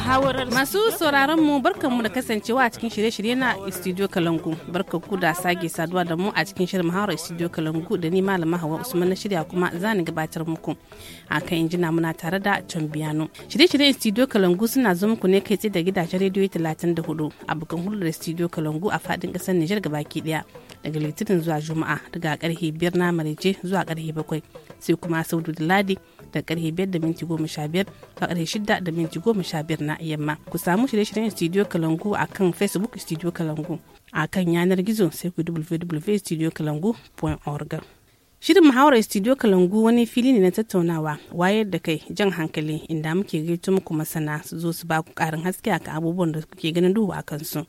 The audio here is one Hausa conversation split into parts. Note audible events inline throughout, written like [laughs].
muhawarar masu sauraron mu mu da kasancewa a cikin shirye-shirye na studio kalangu ku da sage saduwa da mu a cikin shirin muhawarar studio kalangu da ni malama hawa usman na shirya kuma zani gabatar muku a kan injina muna tare da biyano shirye-shiryen studio kalangu suna zo muku ne kai tsaye da gidajen rediyo 34 a bukan hulɗar studio kalangu a faɗin ƙasar nijar gabaki ɗaya daga litinin zuwa juma'a daga karfe biyar na marece zuwa karfe bakwai sai kuma saudu da ladi da karfe 5 da minti 15 da karfe 6 da minti 15 na yamma ku samu shirye-shiryen studio kalangu a kan facebook studio kalangu a kan yanar gizo sai ku www.studiokalangu.org Shirin muhawarar studio Kalangu wani fili ne na tattaunawa wayar da kai jan hankali inda muke gaito muku masana su zo su ba ku ƙarin haske akan abubuwan da kuke ganin duhu a kansu.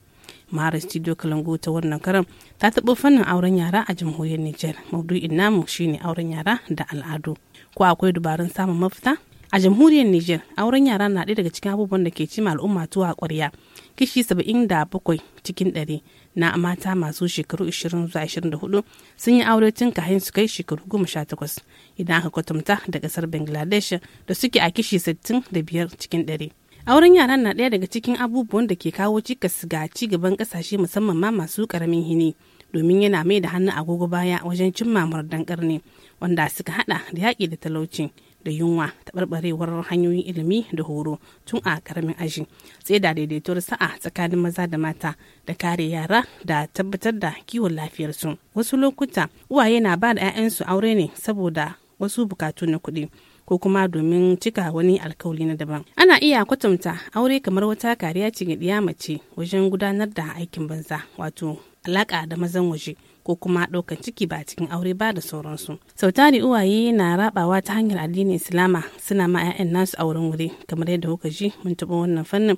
mara studio kalango ta wannan karan ta taɓa fannin auren yara a jamhuriyar niger maudu'in namu shine auren yara da al'adu ko akwai dubarun samun mafita a jamhuriyar niger auren yara na ɗaya daga cikin abubuwan da ke cima al'umma tuwa ƙwarya kishi saba'in da bakwai cikin ɗari na mata masu shekaru 20 zuwa 24 sun yi aure tun kahin su kai shekaru 18 idan aka kwatanta da kasar bangladesh da suke a kishi 65 cikin ɗari auren yara na ɗaya daga cikin abubuwan da ke kawo cikas ga ci gaban ƙasashe musamman ma masu ƙaramin hini domin yana mai da hannu agogo baya wajen cimma murdan ƙarni wanda suka haɗa da yaƙi da talauci da yunwa taɓarɓarewar hanyoyin ilimi da horo tun a ƙaramin aji sai da daidaituwar sa'a tsakanin maza da mata da kare yara da tabbatar da kiwon lafiyarsu wasu lokuta uwaye na ba da 'ya'yansu aure ne saboda wasu bukatu na kuɗi ko kuma domin cika wani alkawari na daban ana iya kwatanta aure kamar wata kariya ce ga ɗiya mace wajen gudanar da aikin banza wato alaƙa da mazan waje ko kuma ɗaukan ciki ba cikin aure ba da sauransu. Sautari uwaye na rabawa ta hanyar addinin Islama suna ma 'ya'yan nasu auren wuri kamar yadda kuka ji mun taɓa wannan fannin.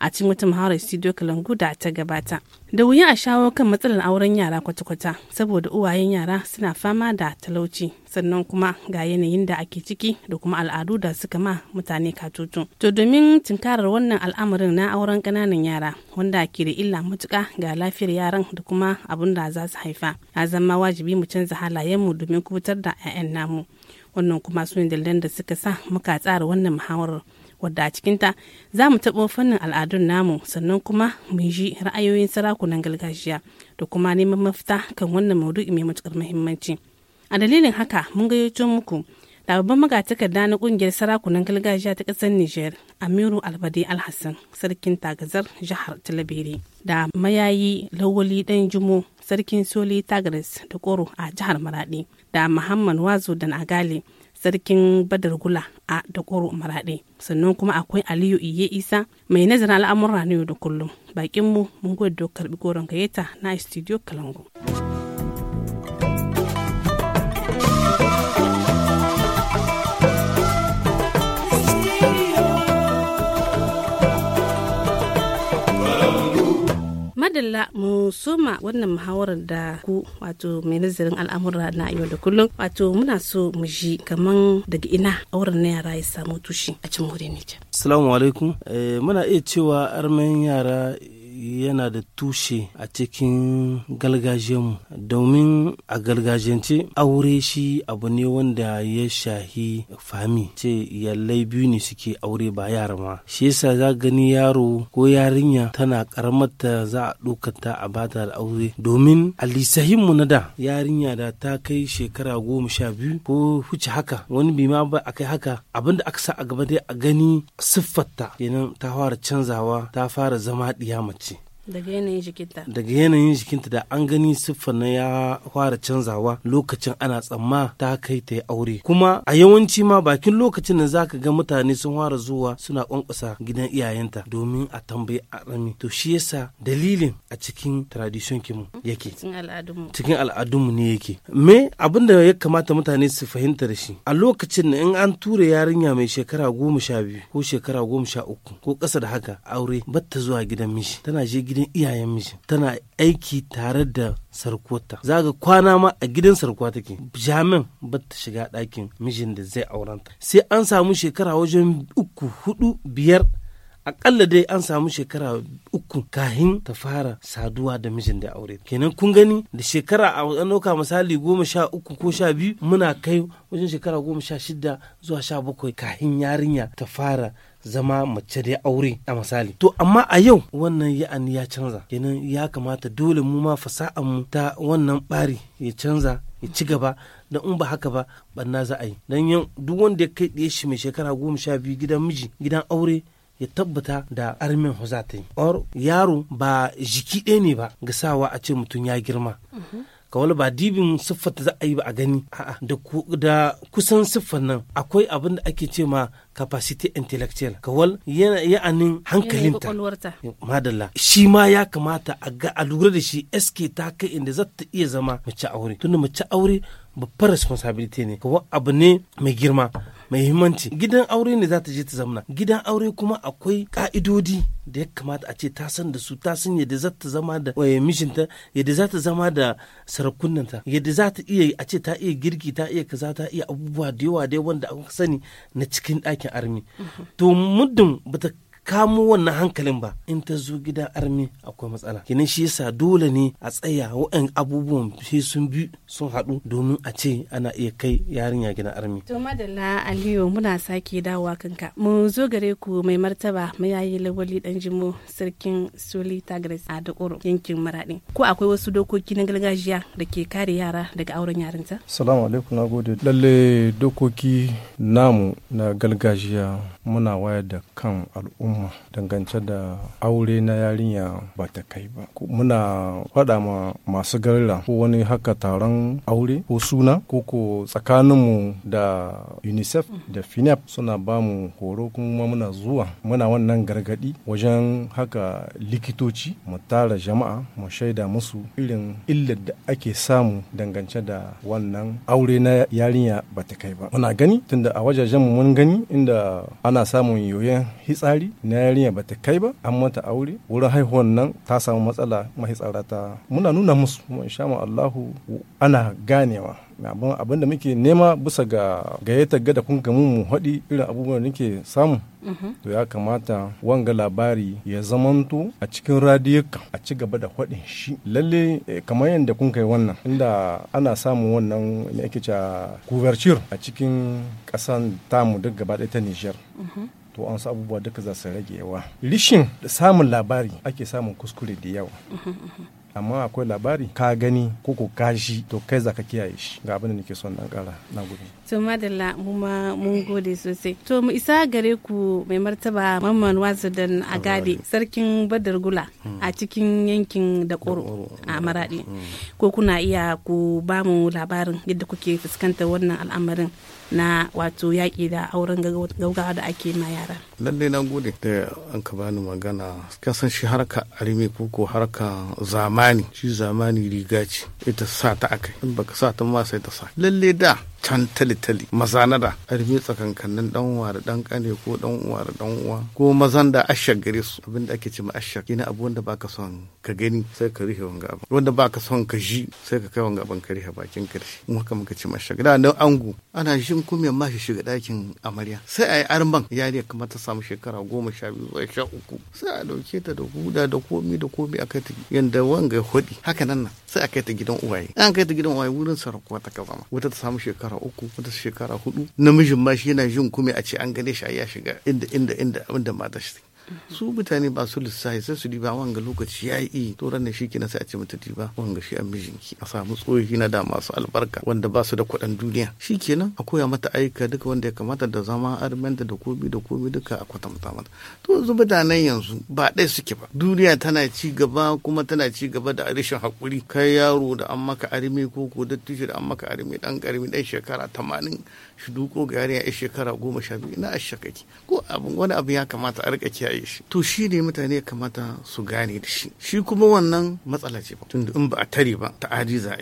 a cikin wata muhawarar studio kalangu da ta gabata da wuya a shawo kan matsalar auren yara kwata-kwata saboda uwayen yara suna fama da talauci sannan kuma ga yanayin da ake ciki da kuma al'adu da suka ma mutane katutu to domin tunkarar wannan al'amarin na auren ƙananan yara wanda ke da illa matuƙa ga lafiyar yaran da kuma abin da za su haifa a zama wajibi mu canza halayenmu domin kubutar da 'ya'yan namu wannan kuma su ne dalilan da suka sa muka tsara wannan muhawarar wadda a cikinta za mu taɓo fannin al'adun namu sannan kuma mu ji ra'ayoyin sarakunan gargajiya da kuma neman mafita kan wannan maudu'i mai matuƙar muhimmanci. A dalilin haka mun gayyato muku da babban magatakarda na ƙungiyar sarakunan gargajiya ta ƙasar Nijar Amiru Albade Alhassan sarkin tagazar jihar Talabere da mayayi Lawali Dan Jumo sarkin Soli Tagares da Koro a jihar Maradi da Muhammad Wazo Dan Agale sarkin badar gula a dakoro maraɗe sannan kuma akwai aliyu iye isa mai nazarin al'amuran yau da kullum bakinmu mun gode da karbi goron gayyata na studio kalangu. madalla mu soma wannan muhawarar da ku wato mai nazarin al'amura na yau da kullum wato muna so mu ji kaman daga ina auren na yara ya samu tushe a cikin wurin Assalamu alaikum eh, muna iya cewa armen yara yana da tushe a cikin galgajenmu. domin a galgajiyance aure shi abu ne wanda ya shahi fami ce yallai biyu ne suke aure ba yara ma shi yasa za gani yaro ko yarinya tana karamar ta za a dokanta a bata da aure domin a lisahinmu na da yarinya da ta kai shekara goma sha biyu ko huce haka wani bima ba a kai haka abinda aka sa a gaba dai a gani siffarta kenan ta fara canzawa ta fara zama ɗiya mace daga yanayin jikinta daga yanayin jikinta da an gani siffa na ya fara canzawa lokacin ana tsamma ta kai ta yi aure kuma a yawanci ma bakin lokacin da zaka ga mutane sun fara zuwa suna kwankwasa gidan iyayenta domin a tambayi a rami to shi yasa dalilin a cikin tradition kimu yake cikin mu ne yake me abin da ya kamata mutane su fahimta da shi a lokacin da in an tura yarinya mai shekara goma sha biyu ko shekara goma sha uku ko ƙasa da haka aure batta zuwa gidan mishi tana je gidan gidan iyayen mijin tana aiki tare da sarkuwarta za ga kwana ma a gidan sarkuwa take jamin ba ta shiga ɗakin mijin da zai auranta sai an samu shekara wajen uku hudu biyar akalla dai an samu shekara uku kahin ta fara saduwa da mijin da aure kenan kun gani da shekara a ɗauka misali goma sha uku ko sha biyu muna kai wajen shekara goma sha shida zuwa sha bakwai kahin yarinya ta fara zama mace da aure a misali to amma a yau wannan ya'ani ya canza kenan ya kamata dole mu ma fasa'an mu ta wannan bari ya canza ya ci gaba da in ba haka ba banna za a yi dan yan duk wanda ya kai ɗaya shi mai shekara goma sha biyu gidan miji gidan aure ya tabbata da armin huzata yi or yaro ba jiki ɗaya ne ba ga sawa a ce mutum ya girma mhm. ka wani ba dibin siffar da za a yi ba a gani a'a da kusan siffar nan akwai abin da ake ce ma capacity intellectual kawal yana ya'anin hankalinta madalla shi ma ya kamata a ga a lura da shi sk ta kai inda za ta iya zama mace aure tunda mace aure babbar responsibility ne kawai abu ne mai girma mai muhimmanci gidan aure ne za ta je ta zamna gidan aure kuma akwai ka'idodi da ya kamata a ce ta san da su ta san yadda za ta zama da eh, mijinta yadda za ta zama da sarakunanta yadda za ta iya a ce ta iya girki ta iya kaza ta iya abubuwa da yawa da wanda aka sani na cikin ɗakin armi mhm. to muddin bata kamo wannan hankalin ba in ta zo gidan armi akwai matsala kenan shi yasa dole ne a tsaya wa'an abubuwan shi sun bi sun haɗu domin a ce ana iya kai yarinya gidan armi to madalla aliyu muna sake dawowa kanka mu zo gare ku mai martaba mu lawali dan jimo sarkin soli tagres a dakoro yankin maraɗi ko akwai wasu dokoki na gargajiya da ke kare yara daga auren yarinta salamu alaikum na gode lalle dokoki namu na gargajiya muna wayar da kan al'umma al'umma dangance da aure na yarinya ba ta kai ba muna faɗa ma masu garila ko wani haka taron aure ko suna ko ko tsakaninmu da unicef da finap suna ba mu horo kuma muna zuwa muna wannan gargaɗi wajen haka likitoci mu tara jama'a mu shaida musu irin illar da ake samu dangance da wannan aure na yarinya ba ta kai ba muna gani tunda a wajajen mun gani inda ana samun yoyon hitsari na yarinya ta kai ba an mata aure wurin haihuwan nan ta samu matsala tsara ta muna nuna musu kuma insha Allahu ana ganewa abin da muke nema bisa ga gayyata gada kun ga mu haɗi irin abubuwan da nake samu mhm. to ya kamata wanga labari ya zamanto a cikin radiyuka a ci gaba da haɗin shi lalle eh, kamar yadda kun kai wannan inda ana samun wannan ne ake cewa a cikin ƙasan tamu duk gaba ɗaya ta Nijar mhm. to an abubuwa duka za su rage yawa da samun labari ake samun kuskure da yawa amma akwai labari ka gani ko ko kashi to kai za ka kiyaye shi ga abin da nake son dan kara na gobe to madalla mu ma mun gode sosai to mu isa gare ku mai martaba mamman dan agade sarkin badargula a hmm. cikin yankin da koro a hmm. maradi hmm. ko kuna iya ku ba mu labarin yadda kuke fuskantar wannan al'amarin na wato yaƙi da auren gaugawa da ake ma yara. Lallai na gode da an ka bani magana ka san shi harka arime ko ko harka zamani shi zamani riga ce ita sa ta akai in baka sa ta ma sai ta sa. Lallai da can tali-tali mazanada a rufe tsakankanin dan uwa da dan kane ko dan uwa da dan uwa ko mazan da ashar gare su abinda ake ce ma ashar abu wanda baka son ka gani sai ka rihe wanga abin wanda baka son ka ji sai ka kai wanga abin ka rihe bakin karshe in haka muka ce ma ashar nan angu ana jin kumiyar ma shi shiga dakin amarya sai a yi arman yariya kamar ta samu shekara goma sha biyu zuwa sha uku sai a dauke ta da huda da komi da komi a kai yanda wanga ya hudi haka nan nan sai a kai ta gidan uwaye an kai ta gidan uwaye wurin sarakuwa ta ka ma wata ta samu shekara uku wata shekara hudu namijin ma shi yana jin kume a ce an gane shi a ya shiga inda inda inda inda mata shi su mutane ba su lissahi sai su diba wanga lokaci ya yi to ran shi kina sai a ce mata diba wanga shi an mijinki a samu tsohi na da masu albarka wanda ba su da kuɗin duniya shi kenan a koya mata aika duka wanda ya kamata da zama armenta da komi da komi duka a kwatanta mata to yanzu mutanen yanzu ba ɗaya suke ba duniya tana ci gaba kuma tana ci gaba da rashin haƙuri kai yaro da an maka arme ko ko da tushe da an maka arme dan karmi dan shekara tamanin shi duko ga yarinya shekara goma sha biyu na ashakaki ko abin wani abu ya kamata a rika kiyaye gare shi to shi ne mutane ya kamata su gane da shi shi kuma wannan matsala ce ba tunda in ba a tare ba ta aji zaa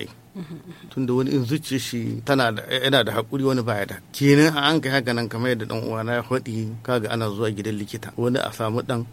tunda wani in zuci shi tana da yana da hakuri wani baya da kenan an kai haka nan kamar yadda dan uwana ya faɗi kaga ana zuwa gidan likita wani a samu dan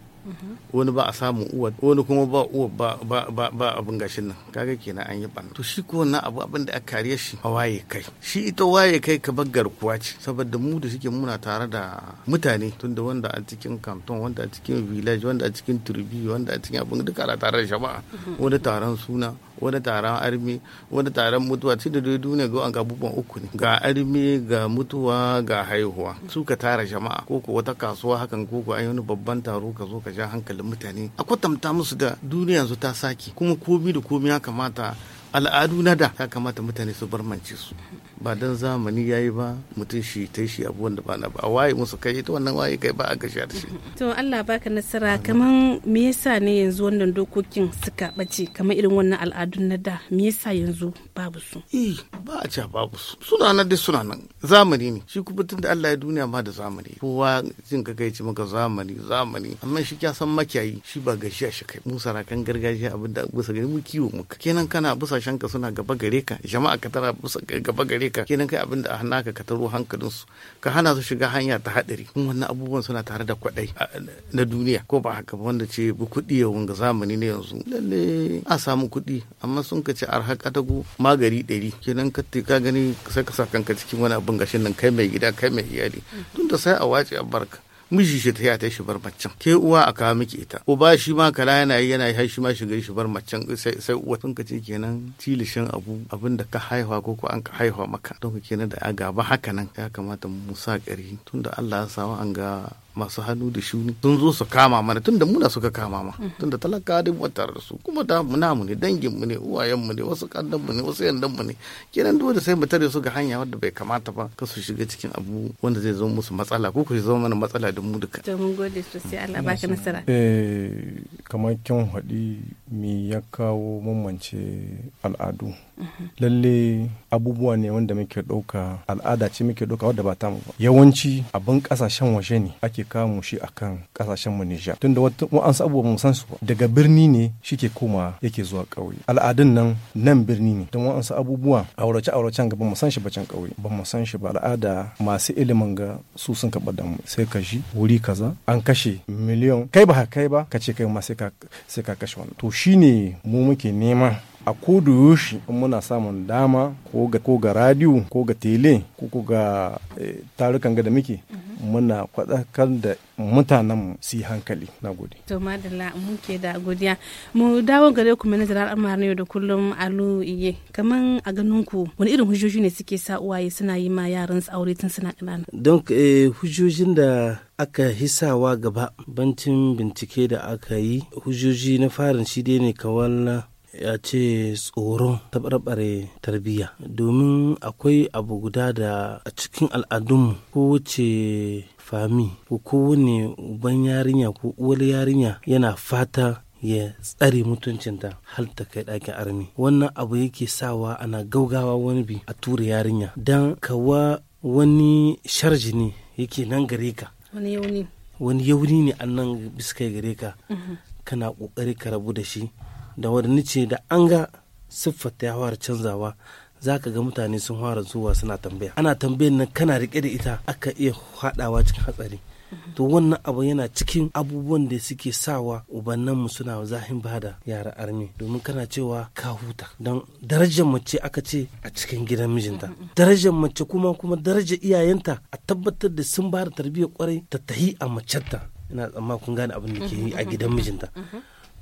wani ba a samu uwa wani kuma ba uwa ba ba abin gashin nan kaga kenan an yi ban to shi ko na abu abin da aka kare shi a waye kai shi ita waye kai ka bar garkuwa ce saboda mu da suke muna tare da mutane tunda wanda a cikin canton wanda a cikin village wanda a cikin turbi wanda a cikin abin duka ana tare da jama'a wani taron suna wani taron armi wani taron mutuwa tunda dai duniya ga wanka bubban uku ne ga armi ga mutuwa ga haihuwa su ka tara jama'a ko ko wata kasuwa hakan ko ko ayi wani babban taro ka zo ka ja hankalin mutane a kwatanta musu da duniya su ta saki kuma komi da komi ya kamata al'adu na da ya kamata mutane su barmance su ba dan zamani ya yi ba mutum shi ta shi abubuwan da ba na ba a waye musu kai ita wannan waye kai ba a gashi da shi to Allah baka nasara kaman me yasa ne yanzu wannan dokokin suka bace kamar irin wannan al'adun na da me yasa yanzu babu su eh ba a ca babu su suna nan dai suna nan zamani ne shi kuma tun da Allah ya duniya ma da zamani kowa jin ka kai ci maka zamani zamani amma shi kya san makiyayi shi ba a shi kai mu sarakan gargajiya abinda da bisa gari mu kiwo muka kenan kana busashen ka suna gaba gare ka jama'a ka tara busa gaba gare kare kenan kai abin da a hannaka ka taro hankalin su ka hana su shiga hanya ta hadari kuma wannan abubuwan suna tare da kwadai na duniya ko ba haka wanda ce bu kuɗi ya wanga zamani ne yanzu lalle a samu kuɗi amma sun ka ce arha katago magari ɗari kenan ka ka gani sai ka sa kanka cikin wani abin gashin nan kai mai gida kai mai iyali tun da sai a wace a barka miji shi ta ta shi bar macen ke uwa a kawo miki ita uba shi ma kala yana yi yana har shi ma shiga shi bar macen sai sai uwa ka kace kenan tilishin abu abin da ka haihuwa ko ko an ka haihuwa maka don kenan da ya gaba haka nan ya kamata mu sa ƙari tunda Allah ya samu an ga masu hannu da shuni sun zo su kama mana tun da muna suka kama ma mhm. tun da talaka da mu tare da su kuma da mu ne dangin mu ne uwayen mu ne wasu kandan mu ne wasu yandan mu ne kenan dole sai mu tare su ga hanya wadda bai kamata ba ka su shiga cikin abu wanda zai zo musu matsala ko ku zo mana matsala da mu duka to mun gode sosai Allah ka nasara eh kamar kin haɗi me ya kawo mamance al'adu lalle abubuwa ne wanda muke ɗauka al'ada ce muke ɗauka wadda ba ta mu yawanci abin ƙasashen waje ne ake kamu shi akan ƙasashen mu Nijar tunda wa'ansu abubuwa mu san su daga birni ne shi ke koma yake zuwa kauye. al'adun nan nan birni ne don wa'ansu abubuwa aurace auracen ga ba mu san shi ba can ƙauye ba mu san shi ba al'ada masu ilimin ga su sun kaɓa da mu sai ka shi wuri kaza an kashe miliyan kai ba kai ba ka ce kai ma sai ka kashe wani to shine mu muke nema a koda yoshi in muna samun dama ko ga ko ga radio ko ga tele ko ko ga eh, tarukan ga da muke mhm. muna kwadakar da mutanen su hankali na gode. To madalla muke da godiya. Mu dawo gare ku mai nazarar yau da kullum alu iye. Kaman a ganin ku wani irin hujjoji ne suke sa uwaye suna yi ma yaran su aure tun suna kanana Don eh, hujjojin da aka hisawa gaba bantin bincike da aka yi hujjoji na farin shi ne kawal ya ce tsoron taɓarɓare tarbiyya domin akwai abu guda da a cikin al'adunmu ko wuce fami ko kowane uban yarinya ko uwar yarinya yana fata ya tsare mutuncinta har ta kai ɗakin armi wannan abu yake sawa ana gaugawa wani bi a tura yarinya don kawa wani sharji ne yake nan gare ka wani yauni wani yauni ne a nan bisa gare ka mhm. kana ƙoƙari ka rabu da shi da wadanni ce da an ga siffar ya fara canzawa za ka ga mutane sun fara zuwa suna tambaya ana tambayar nan kana rike da ita aka iya haɗawa cikin hatsari to wannan abu yana cikin abubuwan da suke sawa ubannanmu suna zahin bada yara armi domin kana cewa ka huta don darajar mace aka ce a cikin gidan mijinta darajar mace kuma kuma darajar iyayenta a tabbatar da sun bada tarbiyyar kwarai ta tahi a macenta ina tsamma kun gane abin da ke yi a gidan mijinta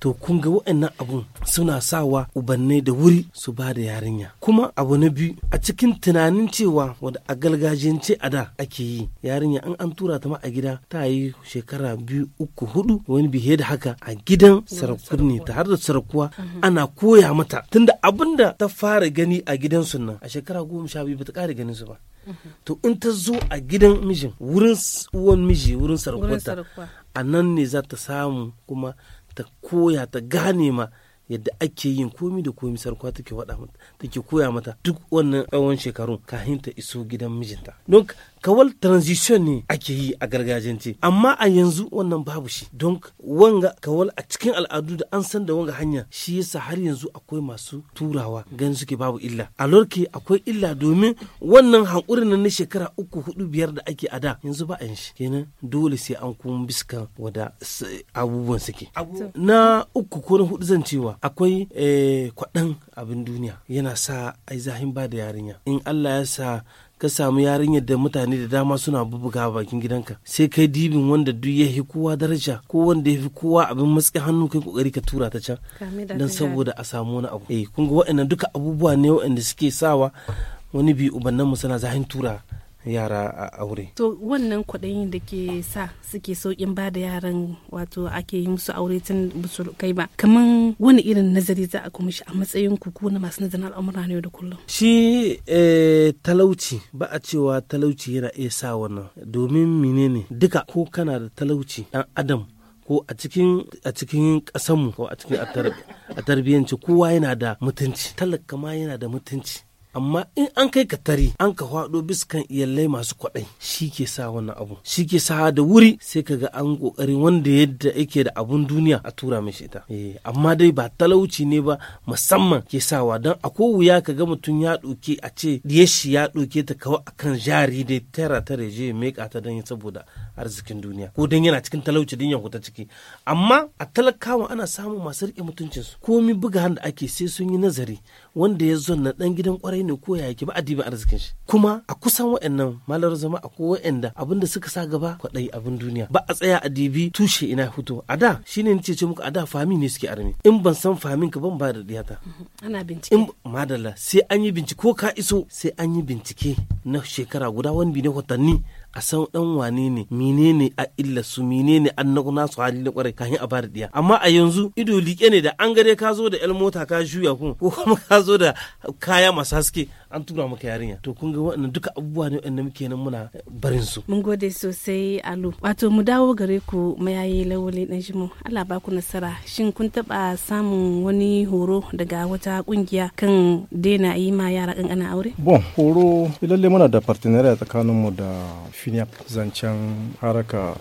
to kun ga wa'annan abun suna sawa ubannai da wuri su ba da yarinya kuma abu na biyu a cikin tunanin cewa wadda a galgajiyance a da ake yi yarinya an an tura ta ma a gida ta yi shekara biyu uku hudu wani bihe da haka a gidan sarakuni ta har da sarakuwa mhm. ana koya mata tunda abin da ta fara gani a gidan nan a shekara goma sha biyu ba ta kare ganin su ba mhm. to in ta zo a gidan mijin wurin uwan miji wurin sarakunta a nan ne za ta samu kuma ta koya ta gane ma yadda ake yin komi da komi sarkwa take faɗa koya mata duk wannan tsawon shekarun kafin ta iso gidan mijinta don kawal transition ne ake yi a gargajiyance amma a yanzu wannan babu shi don wanga kawal a cikin al'adu da an san da wanga hanya shi yasa har yanzu akwai masu turawa ganin suke babu illa a lorke akwai illa domin wannan hankurin na shekara uku hudu biyar da ake ada yanzu ba a yin shi kenan dole sai an kuma biska wada abubuwan suke na uku ko na hudu zan cewa akwai eh, kwaɗan abin duniya yana sa ai zahin ba da yarinya in Allah ya sa ka samu yarinyar da mutane da dama suna bubuga bakin gidanka sai kai dibin wanda duk ya fi kowa daraja ko wanda ya fi kowa abin matsi hannu kai kokari ka tura ta can don saboda a samu wani abu eh kun ga waɗannan duka abubuwa ne waɗanda suke sawa wani bi ubannan mu suna zahin tura yara a aure. To wannan kwaɗayin da ke sa suke sauƙin ba da yaran wato ake yi musu aure tun su kai ba. Kaman wani irin nazari za a kuma shi a matsayin ku na masu nazarin al'amura ne da kullum. Shi eh, talauci ba a cewa talauci yana iya sa wannan domin menene duka ko kana da talauci ɗan adam ko a cikin a cikin kasanmu ko a cikin a tarbiyyanci kowa yana da mutunci talaka ma yana da mutunci amma in an kai ka tare an ka hwado biskan iyalai masu kwaɗai shi ke sa wannan abu shi ke sa da wuri sai ka ga an ƙoƙarin wanda yadda yake da abun duniya a tura mishi ita eh, amma dai ba talauci ne ba musamman ke sawa don a ko wuya ka ga mutum ya ɗauke a ce ya ɗauke ta kawai akan jari dai tara tare je ya meka ta don saboda arzikin duniya ko dan yana cikin talauci din ya ciki amma a talakawa ana samun masu rike mutuncin su komi buga hannu ake sai sun yi nazari wanda ya zo na dan gidan kwarai ne ko ya yake ba adibin arzikin shi kuma a kusan wa'annan malar zama a ko wa'anda abinda suka sa gaba kwaɗayi abin duniya ba a tsaya a tushe ina fito a da shine ni ce muku a da fami ne suke armi in ban san famin ka ban ba da diyata mhm. ana bincike in madalla sai an yi bincike ko ka iso sai an yi bincike na shekara guda wani bi ne watanni a san dan wane ne menene a illa su menene an na su hali na kwarai kahin a bar diya amma a yanzu ido like ne da an gare ka zo da yan mota ka juya kun ko kuma ka zo da kaya masu haske an tura maka yarinya to kun ga waɗannan duka abubuwa ne waɗanda muke nan muna barin su mun gode sosai alu wato mu dawo gare ku mayayi lawali dan jimu Allah ba ku nasara shin kun taba samun wani horo daga wata kungiya kan daina yi ma yara kankana aure bon horo lalle muna da partenariat mu da finiap zancen haraka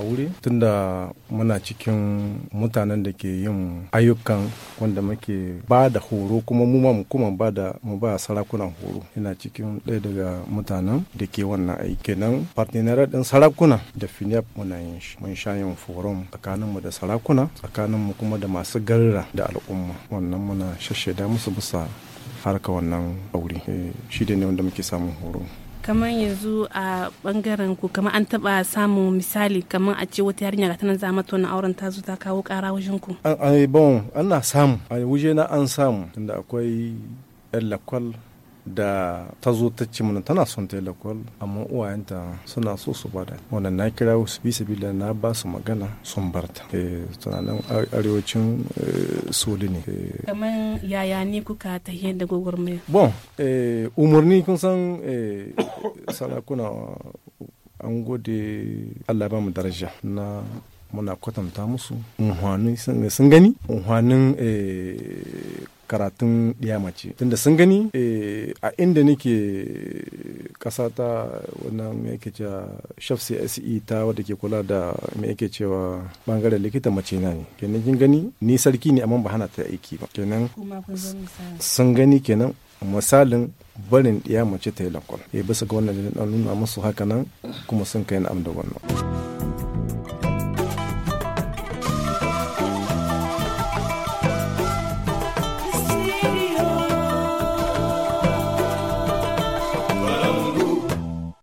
wuri tunda muna cikin mutanen da ke yin ayyukan wanda muke ba da horo kuma mu ma kuma ba da mu ba sarakunan horo ina cikin ɗaya daga mutanen da ke wannan aiki nan partner din sarakuna da finep muna yin shi mun sha yin forum tsakaninmu da sarakuna tsakaninmu kuma da masu garra da al'umma wannan muna shashshada musu bisa harka wannan aure eh, shi ne wanda muke samun horo kamar yanzu a bangaren ku kamar an taba samun misali kamar a ce wata yarinya nan za mata wani auren ta zo ta kawo kara wajen ku an bon na samu a wuje na an samu inda akwai yan lakwal da ta zo ta ce mana tana son ta lakwal amma uwayenta suna so su bada wannan na kira su bisa bila na ba su magana sun barta tana eh, nan arewacin eh, soli ne eh, kamar yaya ne kuka ta da mai bon umarni kun san [coughs] sarakuna an gode allah ba mu daraja na muna kwatanta musu unhwanin sun gani unhwanin karatun mace tunda sun gani eh, a inda nake kasa eh, ta wannan me yake cewa shaf CSE ta wadda ke kula da me yake cewa bangaren likita mace na ne kenan kin gani ni sarki ne amma ba hana ta aiki ba kenan sun gani kenan misalin barin mace ta yi lankwal eh, bisa ga wannan da nuna musu haka nan kuma sun kai na'am da wannan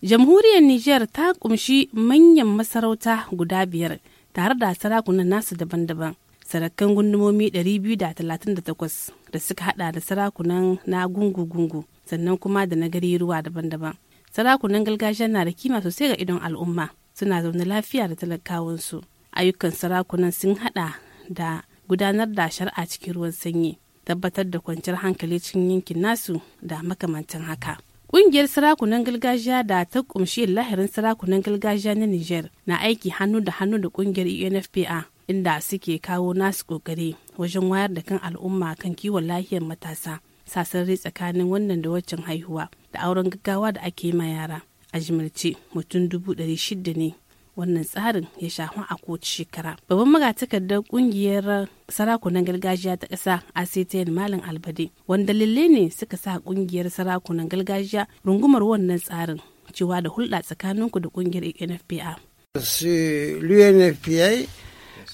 jamhuriyar Nijar ta kumshi manyan masarauta guda biyar tare da sarakunan nasu daban-daban sarakan gundumomi 238 da suka hada da sarakunan na gungu-gungu sannan kuma da nagari ruwa daban-daban sarakunan gargajiya na da kima sosai ga idon al'umma suna zaune lafiya da talakawansu ayyukan sarakunan sun hada da gudanar da shari'a cikin ruwan sanyi tabbatar da kwanciyar hankali cikin yankin nasu da makamantan haka Ƙungiyar sarakunan gargajiya da ta ƙumshi lahirin sarakunan gargajiya na Nijar na aiki hannu da hannu da ƙungiyar UNFPA inda suke kawo nasu ƙoƙari wajen wayar da kan al'umma kan kiwon lahiyar matasa sasarri tsakanin wannan da waccan haihuwa da auren gaggawa da ake ma yara. A jimilce mutum dubu ɗari shida ne wannan tsarin ya shafi a kowace shekara babban magatakardar kungiyar sarakunan gargajiya ta ƙasa actn malam albade wanda lalle ne suka sa kungiyar sarakunan gargajiya rungumar wannan tsarin cewa da hulɗa tsakaninku da kungiyar unfpa l'UNFPA,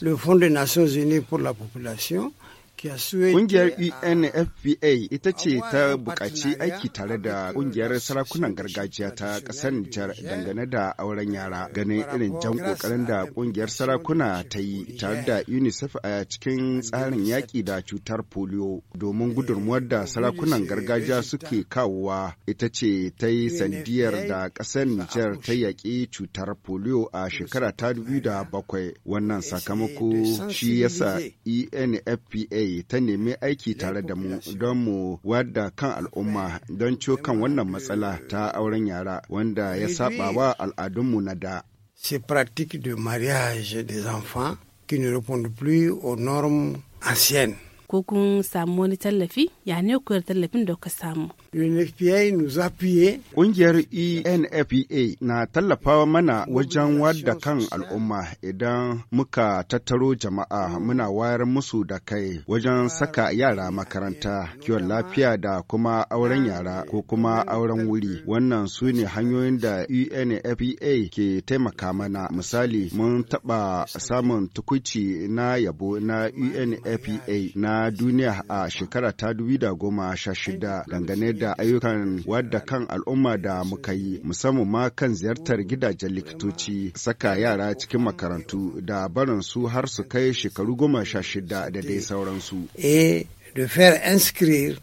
le Fonds des Nations Unies pour la Population, Ƙungiyar UNFPA e ita ce ta buƙaci aiki tare da ƙungiyar sarakunan gargajiya ta ƙasar Nijar dangane da auren yara ganin irin jan ƙoƙarin da ƙungiyar sarakuna ta yi tare da UNICEF a cikin tsarin yaƙi da cutar polio domin eh, gudunmuwar da sarakunan gargajiya suke kawowa ita ce ta yi sandiyar da ƙasar Nijar ta yaƙi cutar polio a shekara ta 2007 wannan sakamako shi yasa UNFPA yi ta nemi aiki tare da mu don mu wadda kan al'umma don kan wannan matsala ta auren yara wanda ya saba wa al'adunmu na da. Ces pratique de mariage des enfants qui ne répond plus aux normes anciennes. Ko kun samu wani tallafi? Ya ne koyar tallafin da ka samu? Ƙungiyar ENFPA na tallafa mana wajen wadda kan al'umma idan muka tattaro jama'a muna wayar musu da kai wajen saka yara makaranta, kiwon lafiya da kuma auren yara ko kuma auren wuri. Wannan su ne hanyoyin da ENFPA ke taimaka mana. Misali, mun taɓa samun tukuci na yabo na UNFPA e na duniya a shekara ta 2016 dangane da da ayyukan wadda kan al'umma da muka yi musamman ma kan ziyartar gidajen likitoci saka yara cikin makarantu da barin su har su kai shekaru goma sha shida da dai sauransu. eh de faire inscrire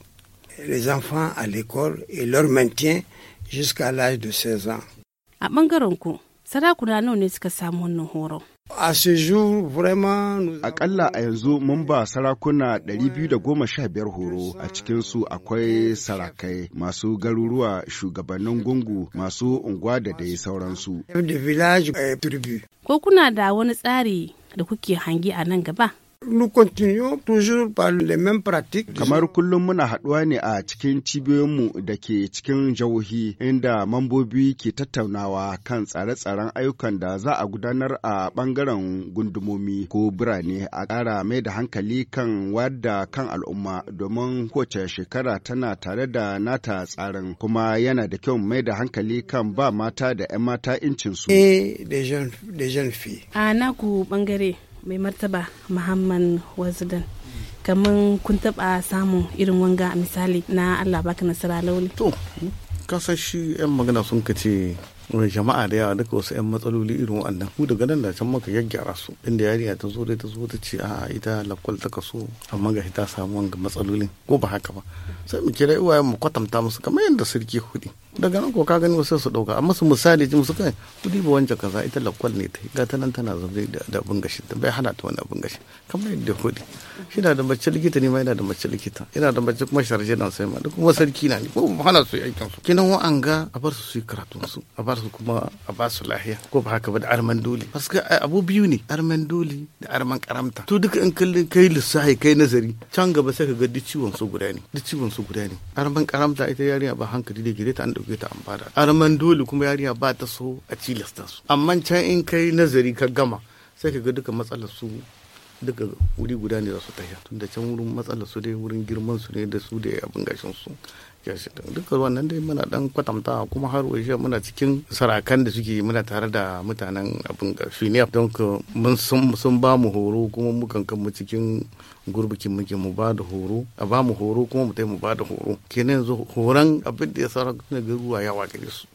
les enfants à l'école et leur maintien jusqu'à l'âge de 16 ans. A ɓangaren ku, sarakuna nawa ne suka samu wannan horon? A Akalla a yanzu mun ba sarakuna 215 horo a cikinsu akwai sarakai masu garuruwa shugabannin gungu masu unguwa da dai sauransu. Ko kuna da wani tsari da kuke hangi a nan gaba? Kamar kullum muna haɗuwa ne a cikin cibiyoyinmu da ke cikin jihohi inda mambobi ke tattaunawa kan tsare-tsaren ayyukan da za a gudanar a ɓangaren gundumomi ko birane a ƙara mai da hankali kan wadda kan al'umma domin kowace shekara tana tare da nata tsarin kuma yana da kyau mai da hankali kan ba mata da 'yan mata incinsu. Eh, da jan naku ɓangare. mai martaba muhammad wazidan kamar kun taba samun irin wanga misali na allah baka nasara lauli to kasashe 'yan magana sun ka ce jama'a da yawa duka wasu 'yan matsaloli irin waɗannan mu daga nan da can maka yaggyara su inda yariya ta zo dai ta zo ta ce a ita lakwal ta kaso amma ga ta samu wanga matsalolin ko ba haka ba sai mu kira iwaye mu kwatanta musu kamar yadda sirki kuɗi daga nan ko ka gani wasu su dauka amma su misali ji musu kai kudi ba wancan kaza ita lakwal ne ta ga ta nan tana zaune da abin gashi ta bai hana ta wani abin gashi kamar yadda kuɗi shi na da mace likita ne ma yana da mace likita yana da mace kuma sharje na sai ma duk kuma sarki na ne ko hana su aikin su kinan wa'anga a bar su su yi karatun su a bar su kuma a ba su lahiya ko ba haka ba da arman doli paske eh, abu biyu ne arman doli da arman karamta to duka in kallin kai lissahi kai nazari can gaba sai ka ga duk ciwon su guda ne duk ciwon su guda ne arman karamta ita yarinya ba hankali da gireta an dauke ta an fara arman doli kuma yarinya ba ta so a cilasta su amma can in kai nazari ka gama sai ka ga duka matsalar su duka wuri guda ne za su tahiya tun da can wurin matsalar su dai wurin girman su ne da su da abin gashin su duka wannan dai muna dan kwatanta kuma har waje muna cikin sarakan da suke muna tare da mutanen abin ne. don mun sun ba mu horo kuma mukan kan mu cikin gurbikin muke mu ba da horo a ba mu horo kuma mu mu ba da horo kenan yanzu horon abin da ya sauran na garuwa yawa gare su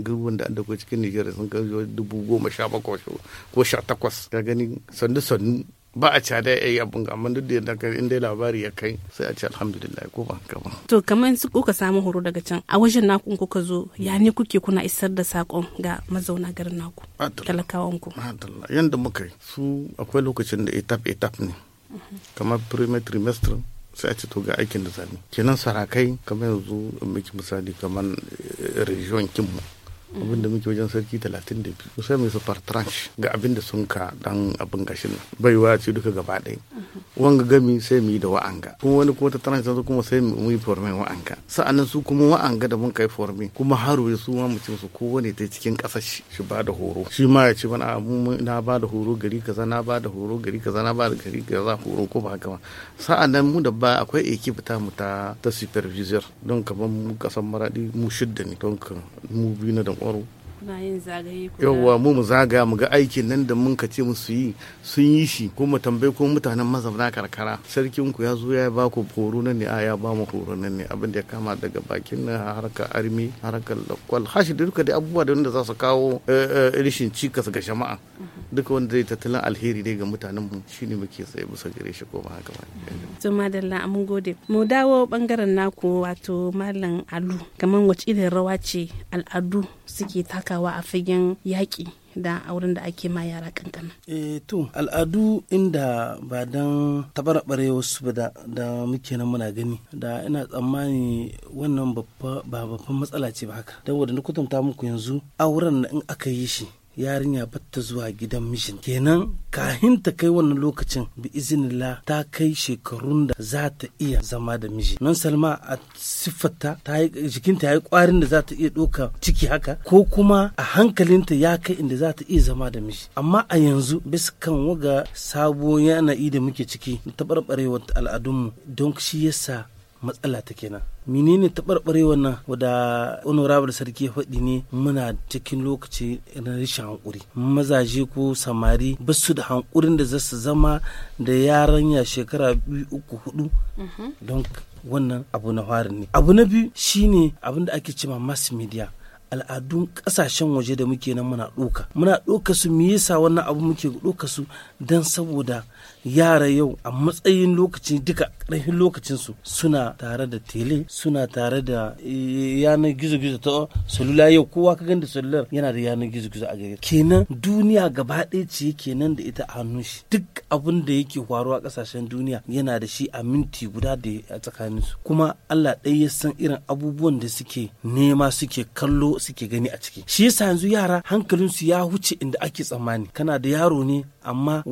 garuwan da da cikin nigeria sun kai dubu goma sha bakwai ko sha takwas ka gani sannu sannu. ba a cada yayi abun ga amma duk da yadda in dai labari ya kai sai a ce alhamdulillah ko ban haka ba to kamar su kuka samu horo daga can a wajen naku in kuka zo ya ne kuke kuna isar da sakon ga mazauna garin naku talakawan ku yanda muka yi su akwai lokacin da etap etap ne kama premier trimester sai a ce to ga aikin da zami kenan sarakai kamar yanzu miki misali kamar eh, region kinmu abinda muke wajen sarki 32 kusa mai su tranche ga abinda sun ka dan abin gashin baiwa ce duka gaba ɗaya wanga gami sai mu yi da wa'anga kuma wani kuma ta tranche ta kuma sai mu yi formin wa'anga sa'annan su kuma wa'anga da mun kai formin kuma haro ya su ma ce su kowane ta cikin ƙasar shi ba da horo shi ma ya ce mana ah, na ba da horo gari kaza na ba da horo gari kaza na ba da gari kaza horo ko ba haka ba sa'annan mu da ba akwai ekip ta mu ta ta supervisor don kaman mu kasan maradi mu shidda ne don mu biyu na da órgão kuna yin zagaye yauwa mu mu zagaya mu ga aikin nan da mun kace musu yi sun yi shi ko mu tambaye ko mutanen mazauna karkara sarkin ku ya zo ya ba ku horo nan ne a ya ba mu horo nan ne abin da ya kama daga bakin nan harkar armi harkar lakwal hashi duka da abubuwa da wanda za su kawo eh, eh, rishin cikas ga jama'a mm-hmm. duka wanda zai tattalin alheri dai ga mutanen mu shine muke tsaye bisa gare shi ko ba haka ba to madalla mun gode mu dawo bangaren naku wato mallam alu kamar wace irin rawa ce al'adu suke taka taimakawa a fagen yaƙi da auren da ake ma yara kankana. E eh, to al'adu inda ba dan tabarabare wasu ba da muke nan muna gani da ina tsammani wannan ba babban matsala ce ba haka. Don wadda na kwatanta muku yanzu auren in aka yi shi yarinya batta zuwa gidan mijin kenan kahin ta kai wannan lokacin bi izinillah ta kai shekarun da za ta iya zama da miji nan salma a siffata ta yi jikinta ya yi kwarin da za ta iya ɗauka ciki haka ko kuma a hankalinta ya kai inda za ta iya zama da miji amma a yanzu bisa kan waga sabuwar yanayi da muke ciki na taɓarɓarewar al'adunmu don shi yasa matsala ta kenan menene taɓarɓarewar nan wadda honorable sarki ya faɗi ne muna cikin lokaci na rashin hankuri mazaje ko samari basu da hankurin da zasu zama da ya shekara biyu uku hudu mhm. don wannan abu na fari ne abu na biyu shine abin da ake cewa mass media al'adun kasashen waje da muke nan muna ɗoka muna ɗoka su me yasa wannan abu muke ɗoka su don saboda yara yau a matsayin lokaci duka ƙarfin lokacinsu suna tare da tele suna tare da e, yanar gizo-gizo ta salula yau kowa ka ganda salular yana da yanar gizo-gizo a gare kenan duniya gaba ɗaya ce kenan da ita a hannun shi duk abin da yake faruwa ƙasashen duniya yana da shi a minti guda da a tsakanin su kuma Allah ɗaya ya san irin abubuwan da suke nema suke kallo suke gani a ciki shi yasa yanzu yara hankalinsu ya wuce inda ake tsammani kana da yaro ne amma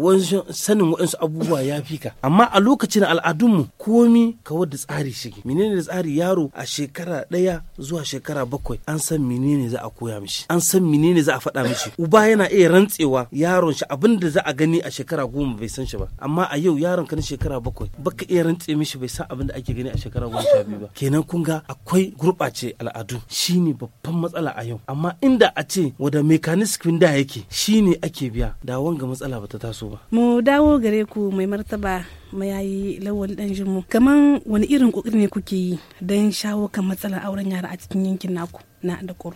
sanin waɗansu abubuwa ya fi ka amma a lokacin al'adunmu komi ka wadda tsari shige menene da tsari yaro a shekara ɗaya zuwa shekara bakwai an san menene za a koya mishi an san menene za a faɗa mishi uba yana iya rantsewa yaron shi abinda da za a gani a shekara goma bai san shi ba amma a yau yaron ka na shekara bakwai baka iya rantse mishi bai san abin da ake gani a shekara goma sha biyu ba kenan kun ga akwai gurɓace al'adu shine babban matsala a yau amma inda a ce wada mekanis da yake shine ake biya da ga matsala bata taso ba mu dawo gare ku mai martaba yi lawal dan jimu kaman wani irin kokari ne kuke yi don shawo kan matsalar auren yara a cikin yankin naku na da bon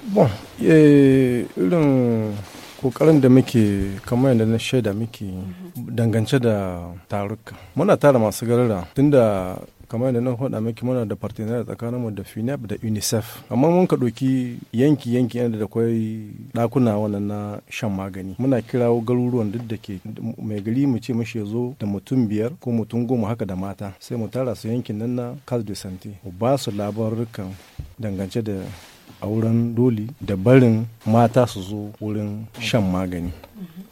eh, irin kokarin da muke kamar yadda na shaida muke mhm. dangance da taruka muna tara masu garura tunda kamar yadda na faɗa miki muna da partenaire mu da FINAP da UNICEF amma mun ka ɗauki yanki yanki yadda da kwai ɗakuna wannan na shan magani muna kirawo garuruwan duk da ke mai gari mu ce mashi ya zo da mutum biyar ko mutum goma haka da mata sai mu tara su yankin nan na Cas de Santé mu ba su labarukan dangance da auren doli da barin mata su zo wurin shan magani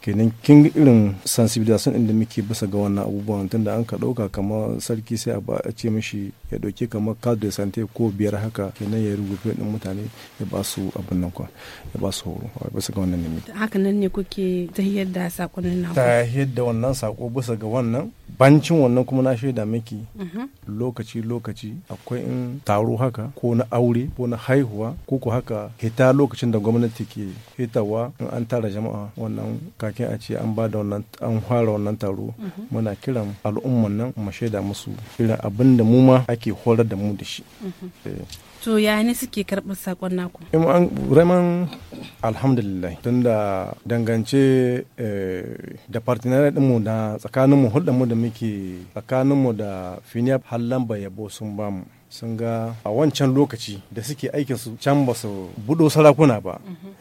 kenan kin irin sensibilisation inda da muke bisa ga wannan abubuwan tunda an ka dauka kamar sarki sai a ce mishi ya dauke kamar card de santé ko biyar haka kenan ya rubuta din mutane ya ba su abin nan kwa ya ba su horo bisa ga wannan ne haka nan ne kuke tahiyar da sakonin naku yadda wannan sako bisa ga wannan bancin wannan kuma na shaida miki mhm. lokaci lokaci akwai in taro haka ko na aure ko na haihuwa ko ko haka hita lokacin da gwamnati ke hitawa in an tara jama'a wannan kakin a ce an ba da wannan an fara wannan taro mhm. muna kiran al'umman nan mu shaida musu irin abinda da mu ma ake horar da mu da shi mhm. eh. to ya ne suke karɓar sakon naku an raman alhamdulillah tunda dangance eh, da partner ɗinmu mu na tsakanin mu mu da muke tsakanin mu da finiyar hallan yabo sun bamu sun ga a wancan lokaci da suke aikin su can ba su budo sarakuna ba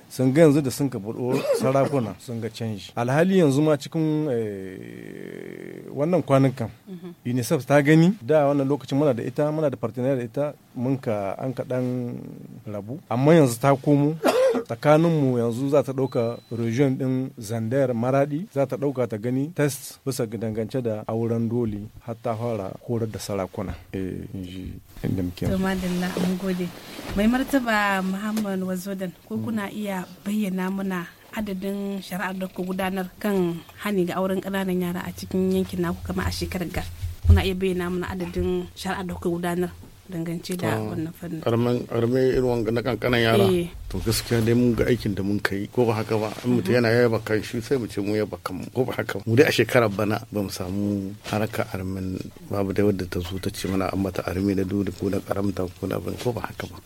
sun ga yanzu da sun ka budo sarakuna sun ga canji alhali yanzu ma cikin eh, wannan kwanukan unicef ta gani da wannan lokacin muna da ita muna da partner da ita mun ka an kaɗan rabu amma yanzu ta komo tsakaninmu yanzu za ta ɗauka region ɗin zandayar maradi za ta ɗauka ta gani test bisa dangance da auren doli har ta fara horar da sarakuna eh, inda muke mun gode mai martaba muhammad wazodan ko mm. kuna iya bayyana mana adadin shari'ar da ku gudanar kan hani ga auren ƙananan yara a cikin yankin naku kama a shekarar ga kuna iya bayyana mana adadin shari'ar da ku gudanar dangance da wannan fannin arme irin wanga na kankanan yara eh. to gaskiya dai mun ga aikin da mun kai ko ba haka ba in mutum mhm. yana yaba kan shi sai mu ce mu yaba kan ko ba haka mu dai a shekarar bana ba mu samu haraka armen babu dai wadda ta zo ta ce mana an mata arme na dole ko na karamta ko na bane ko ba haka ba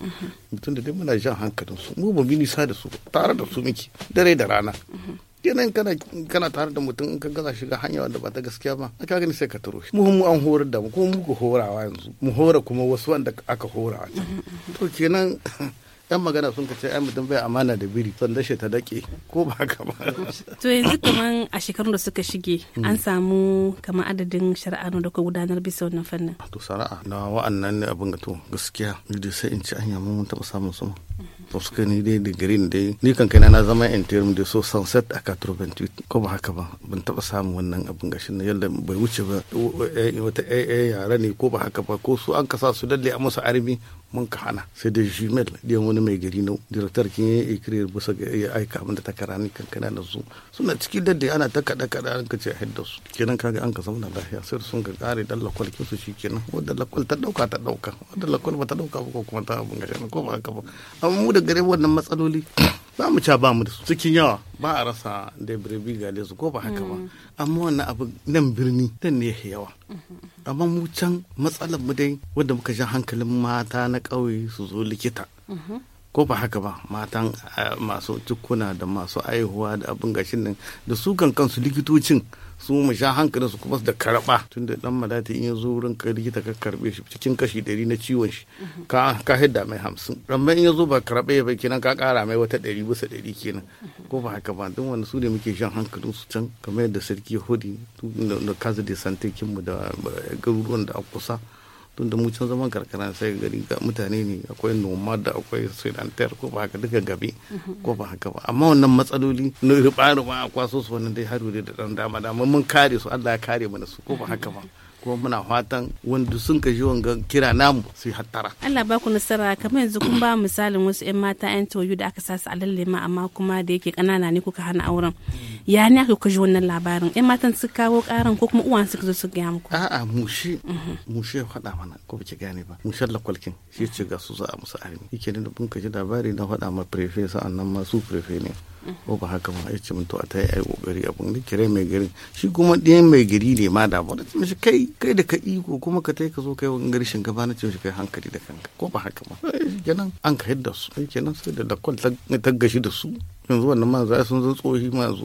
mutum mhm. da dai muna jan hankalin su mu ba mu nisa da su tare da su muke dare da rana mhm. kenan kana kana tare da mutum in ka gaza shiga hanya wanda ba ta gaskiya ba ka gani sai ka turo shi mu an horar da mu kuma muku horawa yanzu mu hora kuma wasu wanda aka hora to kenan [laughs] yan magana sun ka ce ai mutum bai amana da biri sanda shi ta dake ko ba ka ba [laughs] to yanzu kaman a shekarun da suka shige hmm. an samu kaman adadin shari'anu da ku gudanar bisa wannan fannin to sana'a na wa'annan ne abin ga to gaskiya da sai in ci anya mun taba samun su suma parce que ni dai green dai ni kan kai na zama interim da so sunset a 88 ko ba haka ba ban taba samun wannan abin na yalla bai wuce ba eh, wata AA yara ne ko ba haka ba ko su an kasa su dalle a musu armi mun ka hana sai da jimel da wani mai gari na direktar kin yi ikiriyar bisa ga ya aika abin da ta kara ni kankana na su suna cikin dadde ana ta kada kaɗa an kace a hidda su kenan kaga an ka na lafiya sai sun ka kare dan lakwal kin su shikenan wanda lakwal ta dauka ta dauka wanda lakwal ba ta dauka ba ko kuma ta bunga shi ko ba ka ba amma mu da gare wannan matsaloli ba mu ca ba mu da su cikin yawa ba a rasa da birbi ga su ko ba haka ba mm. amma wannan abu nan birni nan ne yawa mm, mm, amma mu can matsalar mu dai wanda muka sha hankalin mata na ƙauye su zo likita mm-hmm. ko ba haka ba matan eh, masu cikuna da masu aihuwa da abin gashin nan da su kan kansu likitocin su mu sha hankalin su kuma da karba tunda dan madata in ya zo wurin ka likita ka karbe shi cikin kashi ɗari na ciwon shi ka ka hidda mai hamsin amma in ya zo ba karbe ba kenan ka kara mai wata ɗari bisa ɗari kenan ko ba haka ba don wani su ne muke shan hankalin su can kamar yadda sarki hudi da kazi da santekin mu da eh, garuruwan da a kusa tun da mucin zaman karkara sai gari ga mutane ne akwai noma da akwai sedantar ko ba haka duka gabe ko ba haka ba amma wannan matsaloli na ruba ruba a kwaso su wannan dai haruri da dan dama dama mun kare su Allah ya kare mana su ko ba haka ba kuma muna fatan wanda sun ka ji wanga kira namu sai hattara Allah ba ku nasara kamar yanzu kun ba misalin wasu yan mata yan toyu da aka sa su a lallema amma kuma da yake kanana ne kuka hana auren ya ne aka kaji wannan labarin yan matan su kawo karan ko kuma uwan su zo su gaya muku a'a mushi mushi mhm. ya faɗa mana ko ba ki gane ba mushi Allah kwalkin shi ce ga su za a musu armi yake ne da kun ka ji labari na faɗa ma prefe sa'annan ma su prefe ne ko ba haka ba ya ce mun to a tayi ai kokari abun da kire mai gari. shi kuma ɗayan mai gari ne ma da ba ce mishi kai kai da ka iko kuma ka tai ka zo kai wani garishin gaba na ce mishi kai hankali da kanka ko ba haka ba kenan an ka hidda su kenan sai da dakwal ta gashi da su yanzu wannan ma za sun zo tsohi ma zo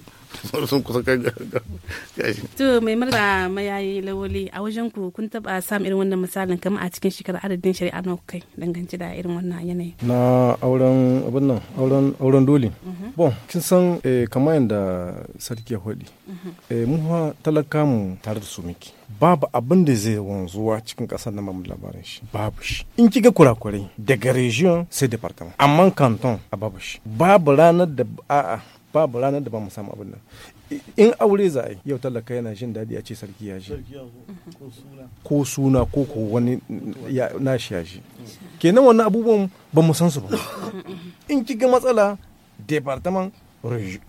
sun kusa kai gashi to mai murna mayayi lawali a wajen ku kun taba sam irin wannan misalin kamar a cikin shekarar adadin shari'a na kai danganci da irin wannan yanayi na auren abin nan auren auren doli. Mhm. bon kin san eh, kamar yadda sarki ya faɗi mhm. eh, mun ha talaka mu tare da su miki babu abin da zai wanzuwa cikin ƙasar na mamu labarin shi babu shi in kiga kurakurai daga region sai department amma canton a babu shi babu ranar da a'a babu ranar da ba mu samu abin nan in aure za a yi yau talaka yana jin daɗi a ce sarki ya ji ko suna ko ko wani nashi ya ji kenan wannan abubuwan ba mu san su ba in ki ga matsala departement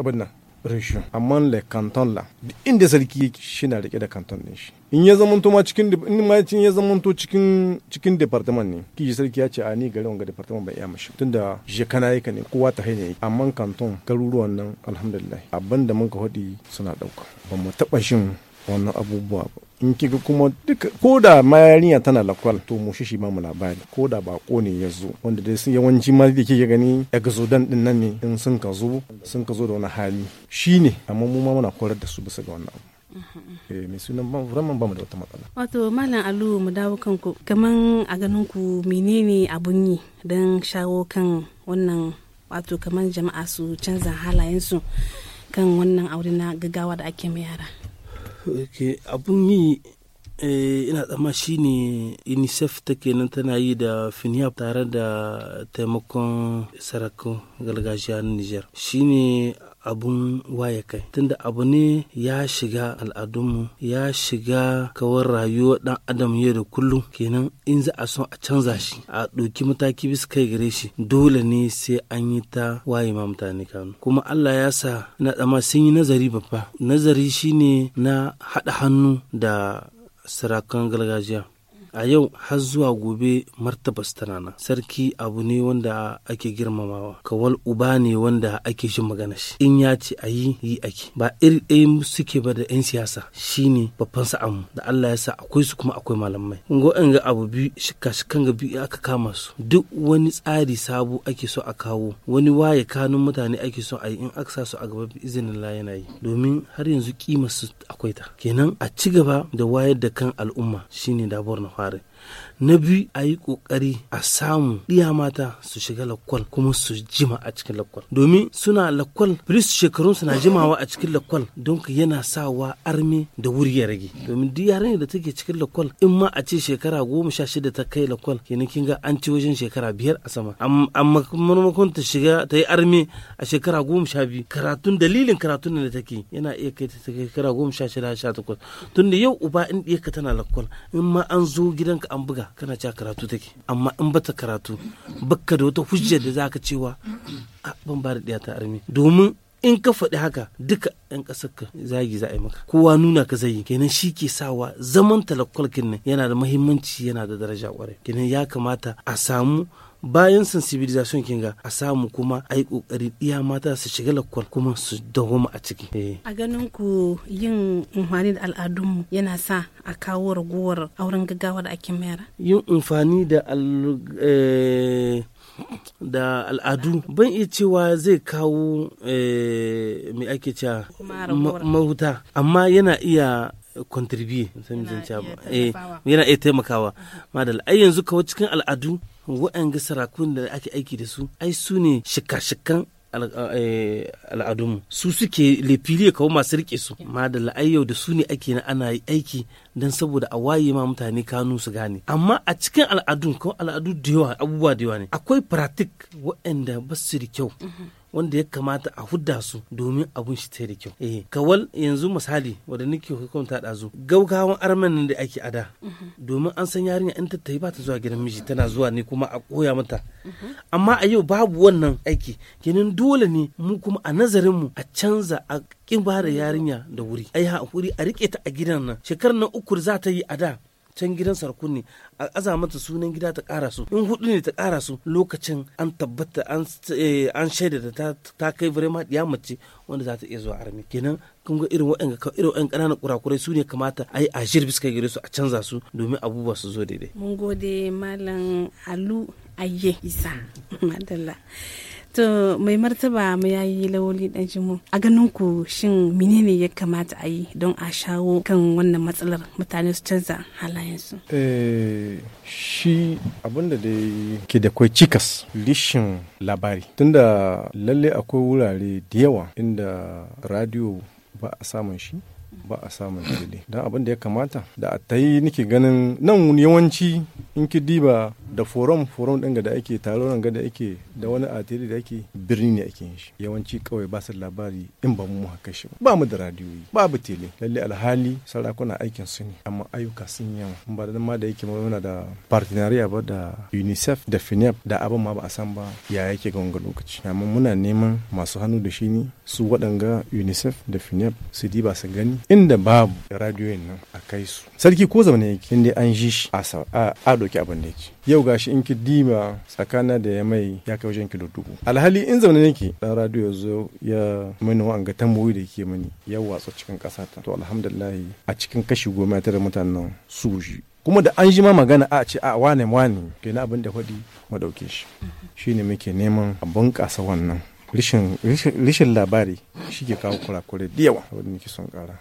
abin nan region amma le canton la inda sarki yake shi na rike da canton din shi in ya zamanto ma cikin in ma cin ya zamanto cikin cikin department ne kiji sarki ya ce a ni garin wanga department ba iya mashi tunda je kana yake ne kowa ta hanya amma canton garuruwan nan alhamdulillah abin da mun ka hodi suna dauka ba mu taba shin wannan abubuwa ba in kiga kuma duka ko da mayarinya tana lakwal to mu shi ma mu labari ko da bako ne ya zo wanda dai sun yawanci ma da kike gani exodan din nan ne in sun ka zo sun ka zo da wani hali shine amma mu ma muna korar da su bisa ga wannan mm-hmm. Eh mai sunan vraiment ba mu da wata matsala. Wato Malam Alu mu dawo kanku kaman a ganin ku menene abun yi don shawo kan wannan wato kaman jama'a su canza halayensu kan wannan aure na gaggawa da ake mai yara. abun yi eh, ina tsamma shi ne unicef ta kenan tana yi da finiap tare da taimakon sarakun gargajiya na niger shi ne abun waye kai tunda abu ne ya shiga al'adunmu ya shiga kawar rayuwar dan adam yau da kullum kenan in za a son a canza shi a ɗauki mataki bisa kai gare shi dole ne sai an yi ta waye ma mutane kanu kuma Allah ya sa na dama sun yi nazari babba nazari shine na haɗa hannu da sarakan gargajiya a yau har zuwa gobe martabas tana nan sarki abu ne wanda ake girmamawa kawal uba ne wanda ake shi magana shi in ya ce a yi yi ake ba iri ɗaya suke ba da yan siyasa shine babban sa'amu da Allah ya sa akwai su kuma akwai malamai k'o an ga abu biyu shika shikan ga biyu aka kama su duk wani tsari sabo ake so a kawo wani waye kanun mutane ake so a yi in aka sa su a gaba izinin la yana yi domin har yanzu kimar su akwai ta kenan a ci gaba da wayar da kan al'umma shine dabar na fare na biyu a yi kokari a samu ɗiya mata su shiga lakwal kuma su jima a cikin lakwal domin suna lakwal filis shekarun suna jimawa a cikin lakwal don yana sawa arme da wuri ya rage domin duk yaran da take cikin lakwal in ma a ce shekara goma sha shida ta kai lakwal kenan kin ga an ci wajen shekara biyar a sama amma maimakon ta shiga ta yi armi a shekara goma sha biyu karatun dalilin karatun da take yana iya kai ta shekara goma sha shida sha takwas tunda yau uba in ɗiyarka tana lakwal in ma an zo gidanka an buga kana cewa karatu take amma in bata karatu bakka da wata hujja da zaka cewa a ban ba da ta armi domin in ka faɗi haka duka 'yan ƙasar ka zagi za a yi maka kowa nuna ka zai kenan shi ke sawa zaman talakwalkin nan yana da muhimmanci yana da daraja kwarai kenan ya kamata a samu bayan sensibilisation kin ga a samu kuma a yi kokari iya mata su shiga lakwal kuma su dawoma a ciki eh. a ganin ku yin amfani da al'adunmu yana sa a kawo raguwar auren gaggawa da ake mayar yin amfani da eh, da al'adu ban iya cewa zai kawo eh, mai ake cewa mahuta amma yana iya contribute yana iya taimakawa madal ai yanzu kawai cikin al'adu waɗanga sarakun da ake aiki da su ai su ne shika-shikan eh, al'adunmu su suke lefiliya kawo masu rike su ma da la'ayyau da su ne ake na ana aiki don saboda a waye ma mutane kanu su gane amma a cikin al'adun kawo al'adu da yawa abubuwa da yawa ne akwai pratik waɗanda ba su da kyau wanda ya kamata a hudda su domin abun shi ta da kyau eh kawal yanzu misali wanda nake hukunta da zu gaugawan armen da ake ada domin an san yarinya in ta ba ta zuwa gidan miji tana zuwa ne kuma a koya mata amma a yau babu wannan aiki kenan dole ne mu kuma a nazarin mu a canza a kin ba da yarinya da wuri ai hakuri a rike ta a gidan nan shekarar nan uku za ta yi a da can gidan sarkuni a aza sunan gida ta karasu su in hudu ne ta kara su lokacin an tabbata an eh, shaida da ta kai vraiment ya mace wanda za ta iya zuwa armi kenan kun ga irin waɗanda irin waɗanda ƙananan kurakurai su ne kamata a yi a jirbi suka gare su a canza su domin abubuwa su zo daidai. mun gode malam alu ayye isa [laughs] madalla To mai martaba mu yayi lawoli dan jimu. A ganin ku shin menene ya kamata a yi don a shawo kan wannan matsalar mutane su canza halayensu? Eh shi abinda da ke da kwai cikas lishin labari. Tunda lalle akwai wurare da yawa inda radio ba a samun shi ba a samun daidai don abin da ya kamata da a ta yi nake ganin nan yawanci in ki diba da forum forum din da ake taron ga da ake da wani atiri da ake birni ne ake yin shi yawanci kawai ba su labari in ba mu haka shi ba mu da radiyoyi babu tele lalle alhali sarakuna aikin su ne amma ayyuka sun yawa ba da ma da yake muna da partenariya ba da UNICEF da FINEP da abin ma ba a san ba ya yake ga lokaci amma muna neman masu hannu da shi ne su waɗanga UNICEF da FINEP su diba su gani inda babu radiyoyin nan a kai su sarki ko ne yake inda an ji shi a doki abin da yake yau gashi in ki diba tsakana da ya mai ya kai wajen kilo dubu alhali in zaune nake dan radiyo zo ya mini ga tambayoyi da yake mini ya watsa cikin kasa ta to alhamdulillah a cikin kashi goma tara mutanen su shi kuma da an ji ma magana a ce a wane wane na abin da faɗi mu dauke shi shine muke neman a bunƙasa wannan rishin labari shi ke kawo kurakure da yawa wadda nake son kara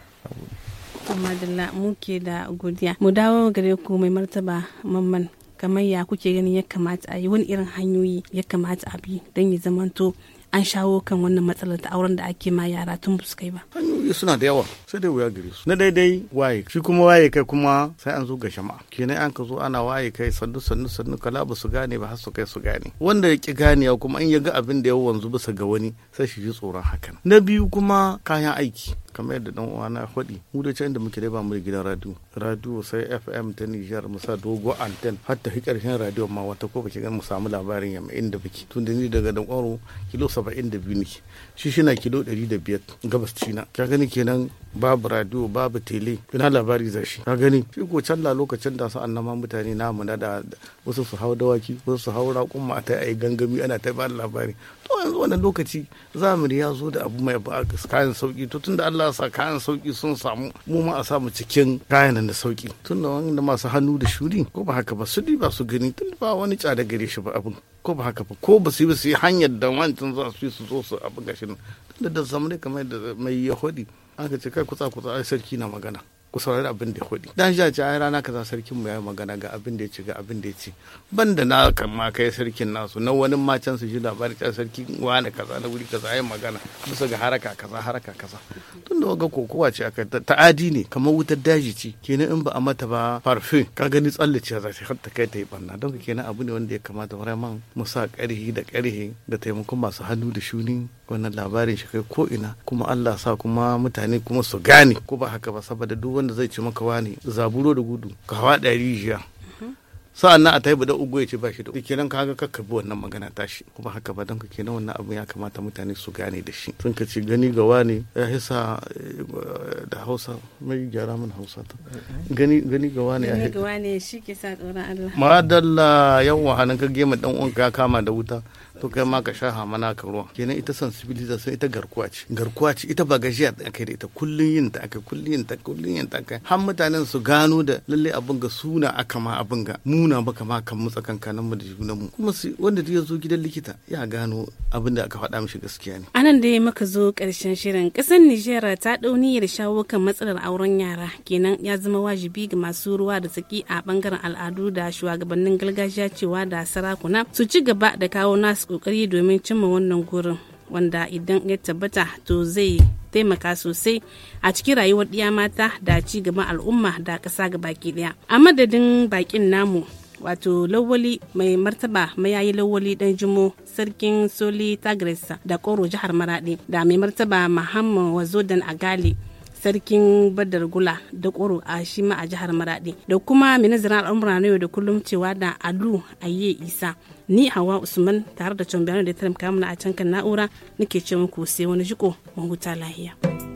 madalla ke da godiya mu dawo gare ku mai martaba mamman kamar ya kuke ganin ya kamata a yi wani irin hanyoyi ya kamata a bi don ya zamanto an shawo kan wannan matsalar ta auren da ake ma yara tun ba kai ba. Hanyoyi suna da yawa sai dai wuya gare su. Na daidai waye shi kuma waye kai kuma sai an zo ga shama'a. Kenan an ka zo ana waye kai sannu sannu sannu kala ba su gane ba har su kai su gane. Wanda ya ki ganewa kuma in ya ga abin da ya wanzu bisa ga wani sai shi ji tsoron hakan. Na biyu kuma kayan aiki. kamar yadda dan uwa na faɗi mu da can da muke dai ba mu da gidan radio radio sai FM ta Niger mu sa dogo anten har ta karshen radio ma wata ko ba ga mu samu labarin yamma inda biki tun da ni daga dan kwaro kilo 72 ne shi shina kilo 105 gabas cina ka gani kenan babu radio babu tele ina labari za shi ka gani shi ko can lokacin da su annama mutane namu na da wasu su hau dawaki wasu su hau raƙumma a ta yi gangami ana ta ba labari to yanzu wannan lokaci zamani ya zo da abu mai ba kayan sauki to tun da Allah sa kayan sauki sun samu mu ma a samu cikin kayan da sauki da wanda masu hannu da shuri ko ba haka ba su ba su gani tun ba wani ca da gare shi ba abin ko ba haka ba ko ba su yi su yi hanyar da wancan za su yi su zo su abin gashin tun da zamani kamar da mai yahudi aka ce kai kutsa kutsa ai sarki na magana ku saurari abin da hudi dan ja a ai rana kaza sarkin mu ya yayi magana ga abin da ya ci ga abin da ya ci da na kan ma kai sarkin nasu na wani ma can su ji labarin can sarkin wani kaza na wuri kaza yayi magana bisa ga haraka kaza haraka kaza tun da ga kokowa ce aka ta'adi ne kamar wutar daji ce kenan in ba a mata ba parfum ka gani tsallace za ta har ta kai ta yi barna don kenan abu ne wanda ya kamata vraiment mu sa ƙarhi da ƙarhi da taimakon masu hannu da shuni wannan labarin shi kai ko ina kuma Allah sa kuma mutane kuma su gane ko ba haka ba saboda duk wanda zai ci maka wani zaburo da gudu ka hawa ɗari jiya sa'an nan a taibu da ugu ya ce ba shi da kenan ka ga kakka bi wannan magana tashi kuma haka ba don ka kenan wannan abin ya kamata mutane su gane da shi sun ka ce gani ga wani ya hisa eh, da hausa mai gyara min hausa ta gani gani ga wani ya hisa ga wani shi ke sa tsoron Allah madalla yawan hannun ka gema dan uwan ka kama da wuta to kai ma ka shaha mana ka ruwan kenan ita sensibilization ita garkuwa ce garkuwa ce ita ba gajiya da kai da ita kullun yin ta aka kullun yin ta kullun yin ta aka har mutanen su gano da lalle abin ga suna aka ma abin ga muna ba kama kan mu tsakankanin mu da junan mu kuma wanda ya zo gidan likita ya gano abin da aka faɗa mishi gaskiya ne anan da maka zo ƙarshen shirin ƙasar Nijar ta dauni da shawo kan matsalar auren yara kenan ya zama wajibi ga masu ruwa da tsaki a bangaren al'adu da shugabannin gargajiya cewa da sarakuna su ci gaba da kawo nasu kokari domin cimma wannan gurin wanda idan ya tabbata to zai taimaka sosai a cikin rayuwar ɗiya mata da ci gaban al'umma da ƙasa ga baki ɗaya a madadin bakin namu wato lawali mai martaba mayayi lawali dan jimo sarkin soli tagresa da koro jihar maradi da mai martaba muhammad wazodan agali sarkin badar gula da koro a shi ma a jihar maradi da kuma ministan al'amura na yau da kullum cewa da alu aye isa ni hawa usman tare da can da ya taimaka a can kan na'ura nake ce muku sai wani jiko mun huta lahiya.